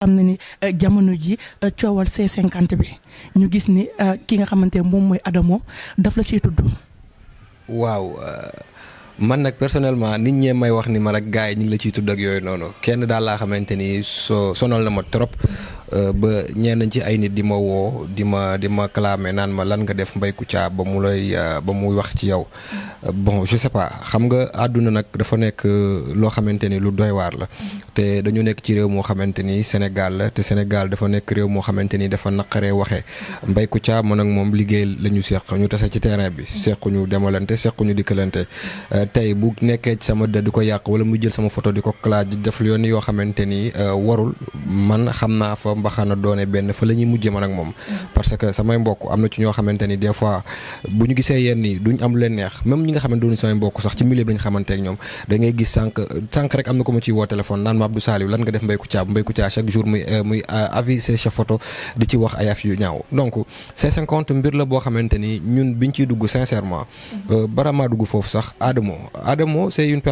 xam na ni euh, jamono ji euh, coowal ci cinquante bi ñu gis ni euh, ki nga xamante ne moom mooy Adamo daf la ciy tudd. waaw man nag personnellement nit ñee may wax ni man ak gars yi ñu ngi la ciy tudd ak yooyu noonu kenn daal laa xamante ni soo sonal na ma trop. Euh, ba ñenn ci ay nit di ma woo di ma di ma clamé naan ma lan nga def Mbaye Kouthia ba mu lay euh, ba muy wax ci yow euh, bon je sais pas xam nga àdduna nag dafa nekk loo xamante ni lu doy waar la te dañu nekk ci réew moo xamante ni Sénégal la te Sénégal dafa nekk réew moo xamante ni dafa naqaree waxee Mbaye Kouthia man nag moom liggéey lañu ñu seq ñu tase ci terrain bi sequñu demalante sequñu dikkalante tey bu nekkee ci sama dëdd di ko yàq wala mu jël sama photo di ko claaj def yoon yoo xamante ni warul mbaxana doone benn fa la ñuy mujjee man ak moom parce que samay mbokk am na ci ñoo xamante ni des fois bu ñu gisee yenn yi duñ am leen neex même ñi nga xamante bi na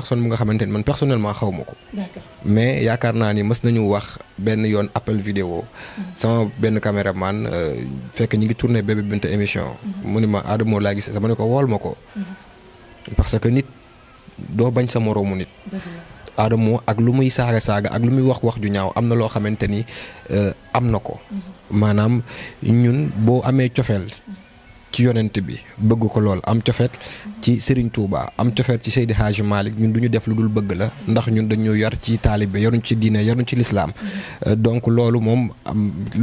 ko ma ni man personnellement xaw ma ko mais yaakaar naa ni mës nañu wax benn yoon appel vidéo ko sama benn caméraman euh, fekk ñi ngi tourné bébé Binta émission mhm. mu ni ma Adamo laa gis sama ne ko wool ma ko mhm. parce que nit doo bañ sa moroomu nit Adamo ak lu muy saaga saaga ak lu muy wax wax ju ñaaw am na loo xamante ni euh, am na ko mhm. maanaam ñun boo amee cofeel ci yonent bi bëgg ko lool am cofeet ci Serigne Touba am cofeet ci Seydi Hadji Malick ñun du ñu def lu dul bëgg la ndax ñun dañu yar ci taalibe yaruñ ci diine yaruñ ci lislaam euh, donc loolu moom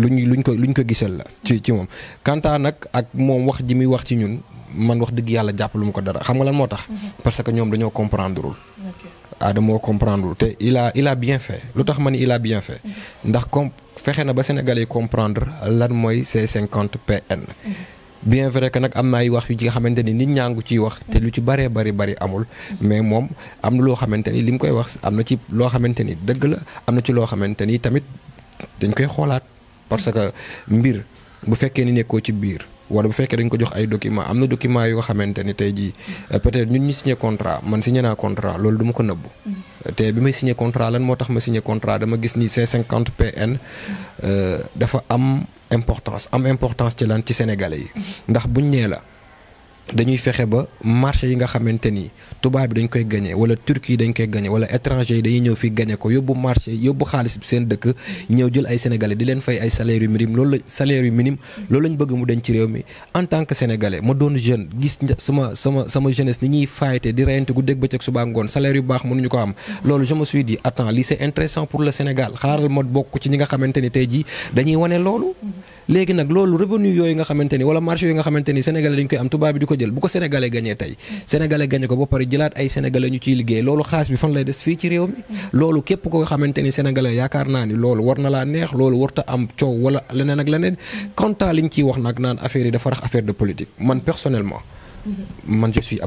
luñ luñ ko luñ ko gisal la ci ci moom kanta nag ak moom wax ji muy wax ci ñun man wax dëgg yàlla jàppalu ma ko dara xam nga lan moo tax mhm. parce que ñoom dañoo comprendrewul Adamo comprendre te il a bien fait lu tax ma ni il a bien fait mhm. ndax comme fexe na ba Sénégalais comprendre lan mooy C50PN bien vrai que nag am na ay wax yu ci nga xamante ni nit ñaa ngi ciy wax te lu ci bëree bëri bari amul mais moom am na loo xamante ni li mu koy wax am na ci loo xamante ni dëgg la am na ci loo xamante ni tamit dañ koy xoolaat parce que mbir bu fekkee ni nekkoo ci biir wala bu fekkee dañ ko jox ay document am na document yu nga xamante ni tey jii euh, peut-être ñun ñu signé contrat man signé naa contrat loolu duma ko nëbbu te bi may signé contrat lan moo tax ma signé contrat dama gis ni C50 PN euh, dafa am importance am importance ci lan ci sénégalais yi ndax buñ nee la dañuy fexe ba marché yi nga xamante ni tubaab bi dañ koy gagné wala turki yi dañ koy gagné wala étranger yi dañuy ñëw fi gagné ko yóbbu marché yóbbu xaalis bi seen dëkk ñëw jël ay sénégalais di leen fay ay salaire yu minime loolu la yu minime loolu lañ bëgg mu denc ci réew mi en tant que sénégalais ma doon jeune gis sama sama sama jeunesse ni ñuy faayte di reyante gu dégg bëccëg suba ngoon salaire yu baax mënuñu ko am loolu je me suis dit attends pour le Sénégal xaaral ma bokk ci ñi nga xamante ni tey jii wane loolu léegi nag loolu revenu yooyu nga xamante ni wala marché yooyu nga xamante ni sénégalais dañ koy am tubaab bi di ko jël bu ko sénégalais gagné tey sénégalais gagné ko ba pare jëlaat ay sénégalais ñu ciy liggéey loolu xaas bi fan lay des fii ci réew mi loolu képp ko xamante ni sénégalais yaakaar naa ni loolu war na laa neex loolu warta am coow wala leneen ak leneen kontaa liñ ciy wax nag naan affaire yi dafa rax affaire de politique man personnellement man je suis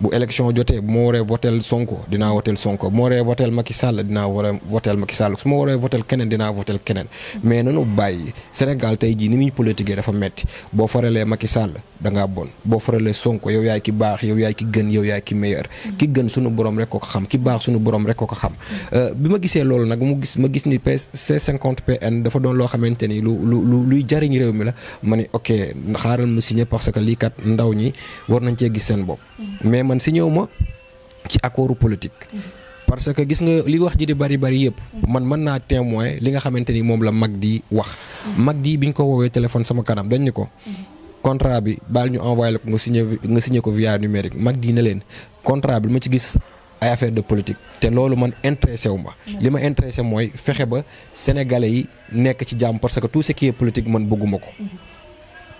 bu élection jotee bu ma waree votel Sonko dinaa votel Sonko bu ma waree votel Macky Sall dinaa war a votel Macky Sall su ma waree votel keneen dina votel keneen mais nanu bàyyi Sénégal tey jii ni muy politiquer dafa metti boo faralee Macky Sall da ngaa bon boo faralee Sonko yow yaay ki baax yow yaay ki gën yow yaay ki meilleur ki gën sunu borom rek ko xam ki baax sunu borom rek ko xam euh, bi ma gisee loolu nag mu gis ma gis ni c cinquante pn dafa doon loo xamante ni lu lu luy jariñ réew mi la ma ne ok xaaral ma signé parce que lii kat ndaw ñi war nañ cee gis seen bopp mm-hmm. mais man si ñëw ma ci accordu politique. parce que gis nga li wax ji di bari bari yëpp. man mën naa témoin li nga xamante ni moom la mag di wax. mag di bi ñu ko woowee téléphone sama kanam dañ ñu ko. contrat bi baal ñu envoyé la ko nga signé nga signé ko via numérique mag di na leen contrat bi ma ci gis. ay affaire de politique te loolu man intéressé wu ma li ma intéressé mooy fexe ba sénégalais yi nekk ci jàmm parce que tout ce qui est man bëgguma ko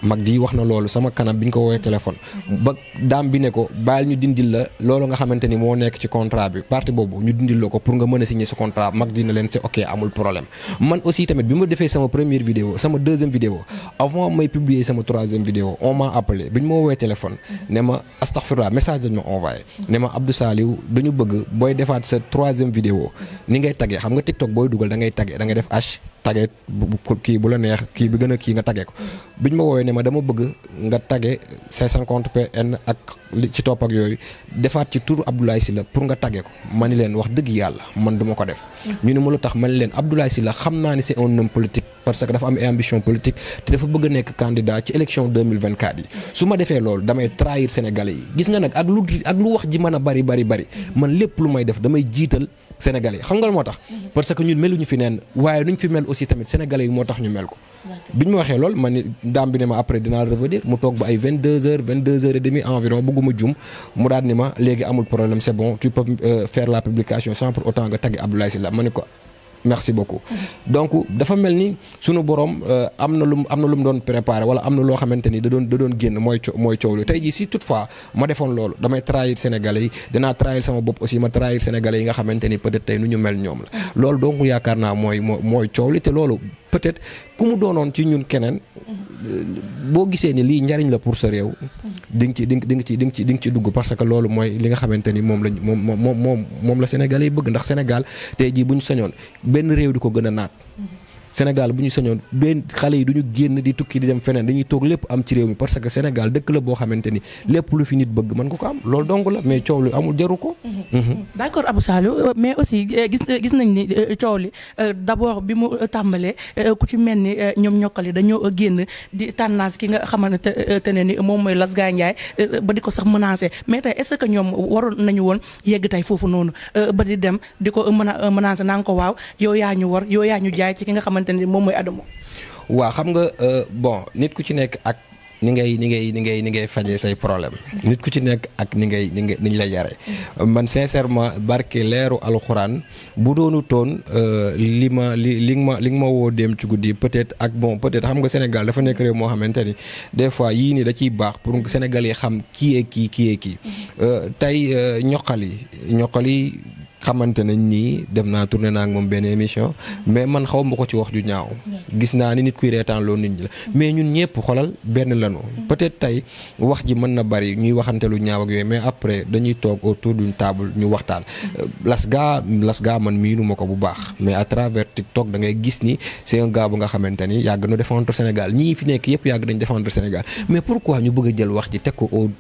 mag di wax na loolu sama kanam bi ñu ko woowee téléphone. ba daam bi ne ko bàyyil ñu dindil la loolu nga xamante ni moo nekk ci contrat bi partie boobu ñu dindil la ko pour nga mën a signer sa contrat mag di na leen c'est ok amul problème. man aussi tamit bi ma defee sama première vidéo sama deuxième vidéo avant may publier sama troisième vidéo on m'a appelé bi ñu ma woowee téléphone. ne ma astaghfirullah message dañ ma envoyé. ne ma Abdou Saliou dañu bëgg booy defaat sa troisième vidéo. ni ngay tagee xam nga TikTok booy dugal da ngay da ngay def h tagee kii bu la neex kii bi gën a kii nga tagee ko ne ma dama bëgg nga tagge 550 PN ak li ci topp ak yooyu defaat ci turu Abdoulaye Sylla pour nga tagge ko ma ni leen wax dëgg yàlla man duma ko def. ñu ne ma lu tax ma ni leen Abdoulaye Sylla xam naa ne c'est un homme politique parce que dafa am ambition politique nekk candidat ci élection 2024 yi su ma defee loolu damay trahir gis nga nag ak lu ak lu wax ji mën man lépp lu may def damay jiital. Sénégalais xam nga moo tax parce que ñun meluñu fi neen waaye nuñ fi mel aussi tamit sénégalais yi moo tax ñu mel ko. biñ ma waxee lool man ni daam bi ne ma après dinaa revenir mu toog ba ay 22 heures 22 heures et demie environ bëgguma jum mu ni ma léegi amul problème c'est bon tu peux euh, faire la publication sans pour autant nga tagg Abdoulaye Sylla ma ne ko merci beaucoup mm-hmm. donc dafa mel ni sunu borom euh, am na lu am na lu mu doon préparé wala am na loo xamante ni da doon da doon génn mooy co mooy coow li tey jii si toutefois ma defoon loolu damay trahir sénégalais yi dinaa trahir sama bopp aussi ma trahir sénégalais yi nga xamante ni peut-être tey nu ñu mel ñoom la mm-hmm. yaakaar naa mooy mooy coow li te peut-être ku mu doonoon ci ñun keneen boo gisee ni lii njariñ la pour sa réew di nga ci di nga ci di nga ci di nga dugg parce que loolu mooy li nga xamante ni moom lañ moom moom moom moom la Sénégalais bëgg ndax Sénégal tey jii bu ñu sañoon benn réew di ko gën a naat Sénégal bu ñu sañoon benn xale yi du ñu génn di tukki di dem feneen dañuy toog lépp am ci réew mi parce que Sénégal dëkk la boo xamante ni lépp lu fi nit bëgg mën ko ko am loolu dong la mais coow lu amul mhm. li d'abord bi mu euh, tàmbalee euh, ku ci mel ni euh, ñoom ñokkali dañoo génn di ki nga xamante ne ni moom mooy Las Gaye Ndiaye ba di ko sax menacer mais tey est-ce ñoom waroon nañu woon yegg tey foofu noonu ba di dem di ko mën a menacer ko waaw yow yaa ñu war yow xamante moom mooy Adamo. waaw xam nga euh, bon nit ku ci nekk ak ni ngay ni ngay ni ngay ni ngay fajee say problème nit ku ci nekk ak ni ngay ni ngay ni ñu la yare man sincèrement barke leeru alxuraan bu doonu toon euh, li ma li li ma li ma woo dem ci guddi peut-être ak bon peut-être xam nga Sénégal dafa nekk réew moo xamante ni des fois yii nii daciy baax pour Sénégal yi xam kii et kii kii et kii tey euh, ñoqal yi ñoqal xamante nañ nii dem naa tourné naa ak moom benn émission mais man xaw ma ko ci wax ju ñaaw gis naa ni nit kuy reetaan loolu nit ñi la mais ñun ñëpp xolal benn lanu peut-être tey wax ji mën na bari ñuy waxante lu ñaaw ak yooyu mais après dañuy toog autour d'une table ñu waxtaan euh, las gaa las gaa man miinuma ko bu baax mais à travers TikTok da ngay gis ni c'est un gars bu nga xamante ni yàgg na défendre Sénégal ñii fi nekk yëpp yàgg nañ défendre Sénégal mais pourquoi ñu bëgg a jël wax ji teg ko au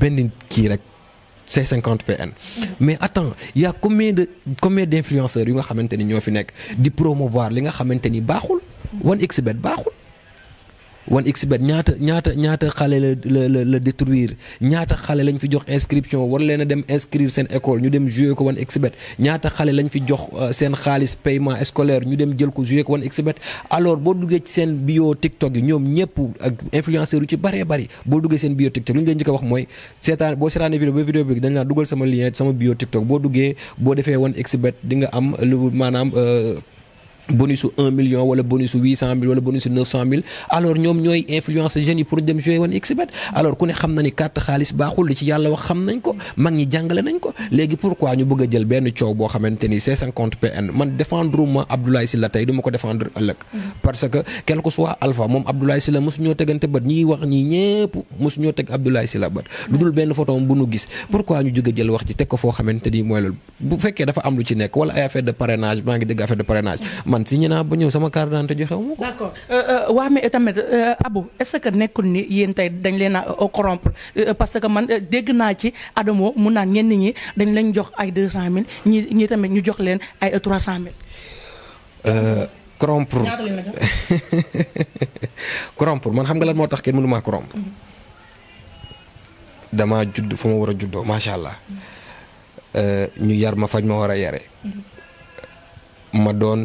benn kii rek C50PN. mais attends il y a combien de combien d' yu nga xamante ni ñoo fi nekk di promouvoir li nga xamante ni baaxul. 1xBet baaxul. one xbet ñaata ñaata ñaata xale la la la détruire ñaata xale lañ fi jox inscription war leen dem inscrire seen école ñu dem jouer ko one xbet ñaata xale lañ fi jox euh, seen xaalis paiement scolaire ñu dem jël ko jouer ko one xbet alors boo duggee ci seen bio TikTok yi ñoom ñëpp ak influenceurs yu ci bëree bëri boo duggee seen bio TikTok li ñu leen njëkk a wax mooy seetaan boo seetaanee vidéo ba vidéo bi dañ laa dugal sama lien sama bio TikTok boo duggee boo defee one xbet di nga am lu maanaam. Euh, bonusu 1 million wala bonusu 800 mille wala bonusu 900 mille alors ñoom ñooy influence jeunes yi pour dem jouer woon xbet alors ku ne xam na ni carte xaalis baaxul li ci yàlla wax xam nañ ko mag ñi jàngale nañ ko léegi pourquoi ñu bëgg jël benn coow boo xamante ni C50 PN man défendre ma Abdoulaye tey du ko défendre ëllëg parce que quel soit alpha moom Abdoulaye Sylla mosu ñoo tegante bët ñi wax ñi ñëpp mosu ñoo teg Abdoulaye Sylla bët lu dul benn photo a jël wax man signé naa ba ñëw sama carte d'identité joxewu ma ko. d'accord euh, euh, waa mais tamit euh, Abou est-ce que nekkul ni yéen tey dañ leen a corrompre parce que man dégg naa ci Adamo mu naan ñenn ñi dañ leen jox ay deux cent mille ñi ñi tamit ñu jox leen ay trois cent mille. corrompre corrompre man xam nga lan moo tax kenn mënu maa corrompre. Mm-hmm. damaa judd fu ma war a juddoo macha allah. Mm-hmm. ñu yar ma fañ ma war a yare mm-hmm. ma doon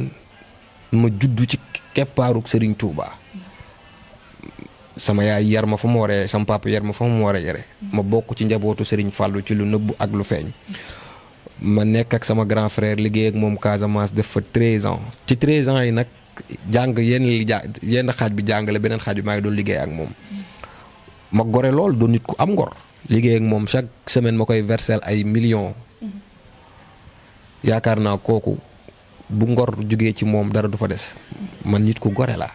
ma juddu ci keppaaruk sëriñ Touba sama yaay yar ma fa ma waree sama papa yar ma fa ma waree yare ma bokk ci njabootu Serigne Fallou ci lu nëbbu ak lu feeñ. ma nekk ak sama grand frère liggéey ak moom Casamance def fa 13 ans ci 13 ans yi nag jàng yenn xaaj bi jàngale beneen xaaj bi maa ngi doon liggéey ak moom. ma gore lool doon nit ku am ngor. liggéey ak moom chaque semaine ma koy versel ay million mm-hmm. yaakaar naa kooku. bu ngor jugee ci moom dara du fa des man nit ku gore laa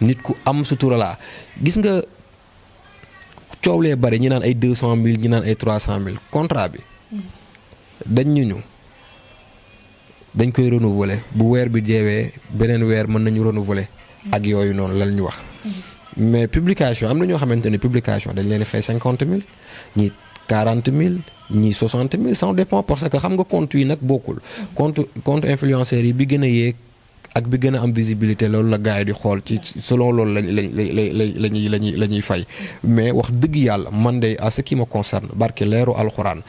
nit ku am sutura laa gis nga coow lee bari ñi naan ay deux cent mille ñi naan ay trois cent mille contrat bi dañ ñu ñu dañ koy renouveler bu weer bi deewee beneen weer mën nañu renouveler ak yooyu noonu lan ñu wax mm-hmm. mais publication am na ñoo xamante ne publication dañ leen fay cinquante mille ñi quarante mille ñii soixante mille ça dépend parce que xam nga compte yi nag bokkul. compte compte influenceurs yi bi gën a yéeg ak bi gën a am visibilité loolu la gars di xool ci selon loolu lañ lañ la la ñuy la mais wax dëgg yàlla man de a ce qui me concerne barke leeru alxuraan.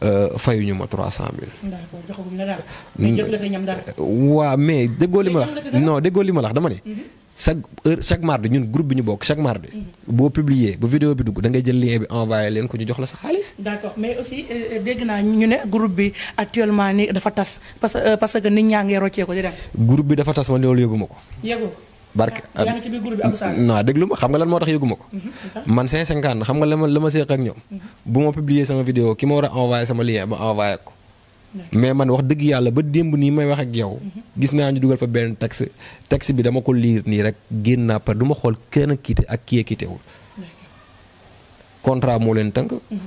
Euh, fayuñu ma 300000. d'accord joxagum na mais jot la sa ñam dara. waaw mais déggoo li ma la non déggoo li ma la dama ne. Mhm. chaque heure chaque mardi ñun groupe bi ñu bokk chaque mardi. Mhm. boo publier ba vidéo bi dugg da jël lien bi envoyé leen ko ñu jox la sa xaalis. Euh, euh, ñu ne groupe bi actuellement ni dafa tas parce euh, que nit ñaa ngi roccee ko groupe bi dafa tas man loolu yëgu ma ko. yëgu barke ah, yaa déglu ma xam nga lan moo tax yëgu ko. Mhm, man 550 xam nga la ma la ma seeq ak ñoom. Mhm. bu ma publier sama vidéo ki ma war a envoyé sama lien ma envoyé ko. mais man wax dëgg yàlla ba démb nii may wax ak yow. gis naa ñu dugal fa benn texte texte bi dama ko liir nii rek génn naa par du xool kenn kiite ak kii kiitewul contrat moo leen tënk. Mhm.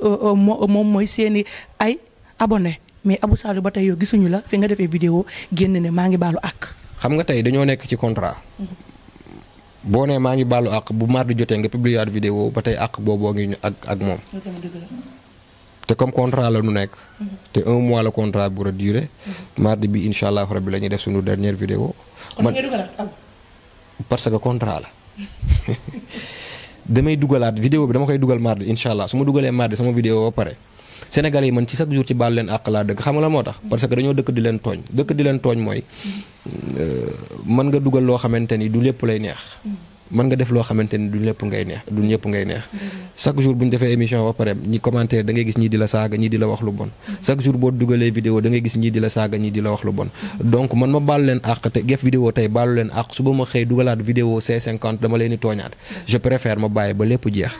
Euh, euh, moom mooy seeni ay abone mais abu Saliou ba tey yow gisuñu la fi nga defee vidéo génn ne maa ngi baalu àq. xam nga tey dañoo nekk ci contrat. boo nee maa ngi baalu àq bu mardi jotee nga publier waat ba tey àq booboo ngi ñu ak ak moom. te comme contrat la nu nekk. te un mois la contrat bu a duré. mardi bi incha allah rabi la ñuy def suñu dernière vidéo. man parce que contrat la. damay dugalaat vidéo bi dama koy dugal mardi incha allah su ma dugalee mardi sama vidéo ba pare Sénégalais yi man ci chaque jour ci baal leen àq laa dëkk xam nga la moo tax parce que dañoo dëkk di leen tooñ dëkk di leen tooñ mooy mm-hmm. euh, mën nga dugal loo xamante ni du lépp lay neex mm-hmm. man nga def loo xamante ni du ñëpp ngay neex du ñëpp ngay neex chaque jour bu ñu defee émission ba pare ñi commentaire da ngay gis ñii di la saaga ñii di la wax lu bon chaque jour boo dugalee vidéo da gis ñii di la saaga ñii di la wax lu bon donc man ma baalu leen àq te gef vidéo tey baalu leen àq suba ma xëy dugalaat vidéo C50 dama leen di tooñaat je préfère ma bàyyi ba lépp jeex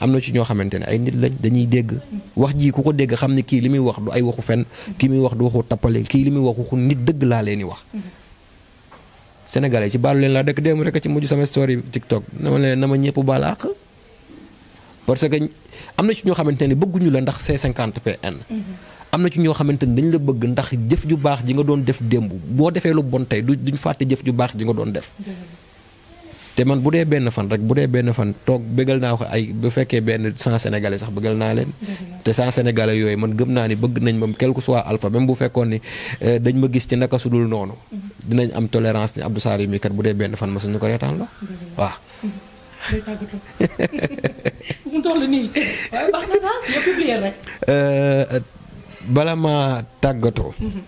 am na ci ñoo xamante ay nit lañ dañuy dégg wax ji ku ko dégg kii li muy wax du ay waxu fen kii wax du waxu tappale kii li muy wax waxu nit dëgg laa leen sénégalais ci baalu leen laa dëkk démb rek ci mujj sama story TikTok na ma leen na ma ñëpp baal parce que am na ci ñoo xamante ne bëgguñu la ndax C50PN. Mhm. am na ci ñoo xamante ni dañ la bëgg ndax jëf ju baax ji nga doon def démb boo defee lu bon tey duñ fàtte jëf ju baax ji nga doon def. te man bu dee benn fan rek bu dee benn fan toog bëggal naa ko ay bu fekkee benn cent sénégalais sax bëggal naa leen. te cent sénégalais yooyu man gëm naa ni bëgg nañ ma quel que soit alpha bu fekkoon ni euh, dañ ma gis ci naka su dul noonu. Mm-hmm. dinañ am tolérance ni Abdou Salim mi bu dee benn fan ma suñu ko reetaan la waaw. Mm-hmm. Euh, bala ma tàggatoo. Mm-hmm.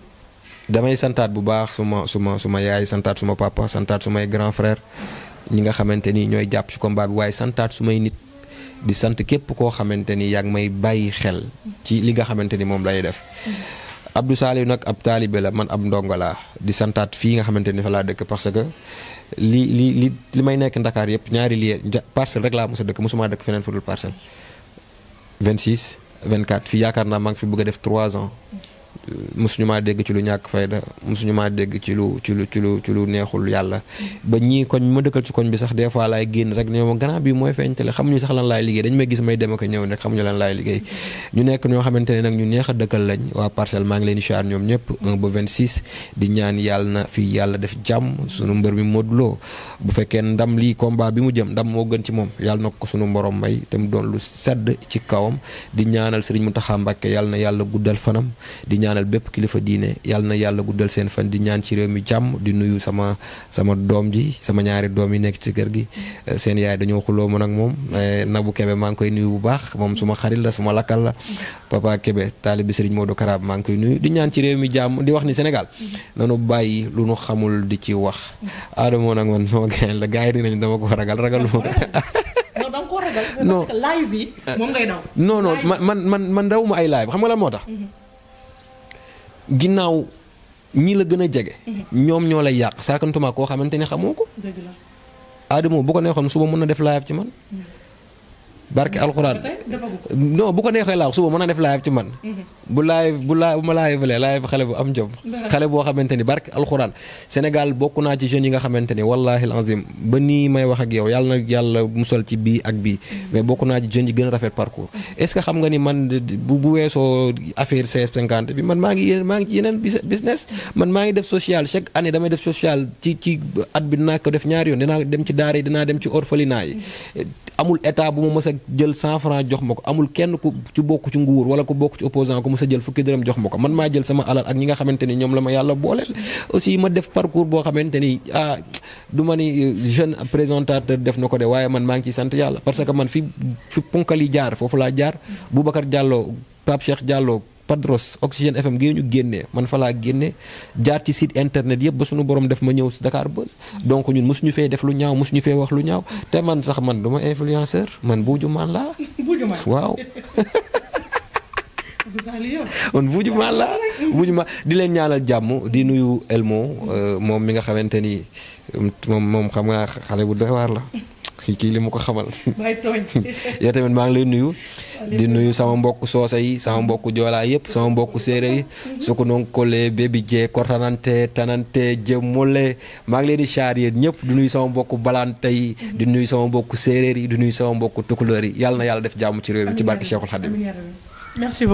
damay santaat bu baax su ma suma suma suma yaay santaat suma papa santaat sumay grand frère. ñi nga xamante ni ñooy jàpp ci combat bi waaye santaat su may nit di sant képp koo xamante ni yaa ngi may bàyyi xel ci li nga xamante ni moom lay def Abdou Saliou nag ab taalibe la man ab ndongo laa di santaat fii nga xamante ni fa laa dëkk parce que li li li li may nekk Ndakaar yëpp ñaari lieu parcelle rek laa mos a dëkk mosuma dëkk feneen fu dul parcelle 26 24 fii yaakaar naa maa ngi fi bëgg a def 3 ans musuñu ma dégg ci lu ñàkk fayda musuñu ma dégg ci lu ci lu ci lu ci lu neexul yàlla ba ñii koñ ma dëkkal ci koñ bi sax des fois laay génn rek ne ma gannaaw bi mooy feeñtale xamuñu sax lan laay liggéey dañu may gis may dem ak ñëw rek xamuñu lan laay liggéey ñu nekk ñoo xamante ne nag ñu neex a dëkkal lañ waa parcelle maa ngi leen di xaar ñoom ñëpp 1 ba 26 di ñaan yàlla na fii yàlla def jàmm sunu mbër mi Modou Lo bu fekkee ndam lii combat bi mu jëm ndam moo gën ci moom yàlla na ko sunu mboroom may te mu doon lu sedd ci kawam di ñaanal Serigne Mountakha Mbacké yàlla na yàlla guddal fanam ñaanal bépp kilifa diine yàlla na yàlla guddal seen fan di ñaan ci réew mi jàmm di nuyu sama sama doom ji sama ñaari doom yi nekk ci kër gi eh, seen yaay dañoo xuloo man ak moom eh, Nabou Kébé maa ngi koy nuyu bu baax moom suma xarit la suma lakkal la papa Kébé taalibe Serigne Modou Karab maa ngi koy nuyu di ñaan ci réew mi jàmm di wax ni Sénégal nanu bàyyi lu nu xamul di ci wax Adamo nag man sama gaay la gaay dinañ dama ko ragal ragal non non man man man man dawuma ay live xam nga lan moo tax mhm. ginnaaw ñi la gën a jege. Mhm. ñoom ñoo lay yàq saakantuma koo xamante ni xamoo ko. dëgg bu ko neexoon suba mën na def laayab ci man. Mhm. barke alxuraan non bu ko neexee laaw suba mën naa def live ci man. Mhm. bu live bu live bu ma livelee live xale bu am jom. xale boo xamante ni barke alxuraan Sénégal bokk naa ci jeunes yi nga xamante ni wallaahi alazim ba nii may wax ak yow yàlla na yàlla musal ci bii ak bii. Mhm. mais bokk naa ci jeunes yi gën a rafet parcours. Mhm. est-ce que xam nga ni man bu bu weesoo affaire bi man maa ngi yeneen maa yeneen business. man maa ngi def social chaque année damay def social ci ci at bi dinaa ko def ñaari yoon dinaa dem ci daara yi dinaa dem ci orphelinat yi. amul état bu ma mës a jël cent franc jox ma ko amul kenn ku ci bokk ci nguur wala ko bokk ci opposant ku mës a jël fukki dërëm jox ma ko man maa jël sama alal ak ñi nga xamante ni ñoom la ma yàlla booleel. aussi ma def parcours boo xamante ni ah du ma ni euh, jeune présentateur def na ko de waaye man maa ngi ciy sant yàlla parce que man fi fi ponkal yi jaar foofu laa jaar bu Boubacar Diallo Pape Cheikh Diallo. Padros Oxygène FM gi ñu génnee man fa laa génne jaar ci site internet yëpp ba suñu borom def ma ñëw si Dakar Buzz donc ñun mosuñu fee def lu ñaaw mosuñu fee wax lu ñaaw te man sax man du ma influenceur man buuju maan la buuju maan man buuju maan laa di leen ñaanal jàmm di nuyu Elmo euh, moom mi nga xamante ni moom moom xam nga xale bu doy waar la kii li mu ko xamal. yow tamit maa ngi lay nuyu. di nuyu sama mbokk soosa yi sama mbokk joolaa yëpp sama mbokk séeréer yi suku non kole bébi jee kortanante tanante jëmmole maa ngi leen di chaar ñëpp di nuyu sama mbokk balante yi di nuyu sama mbokk séeréer yi di nuyu sama mbokk tukulóor yi yàlla na yàlla def jàmm ci réew mi ci barke Cheikhul Khadim merci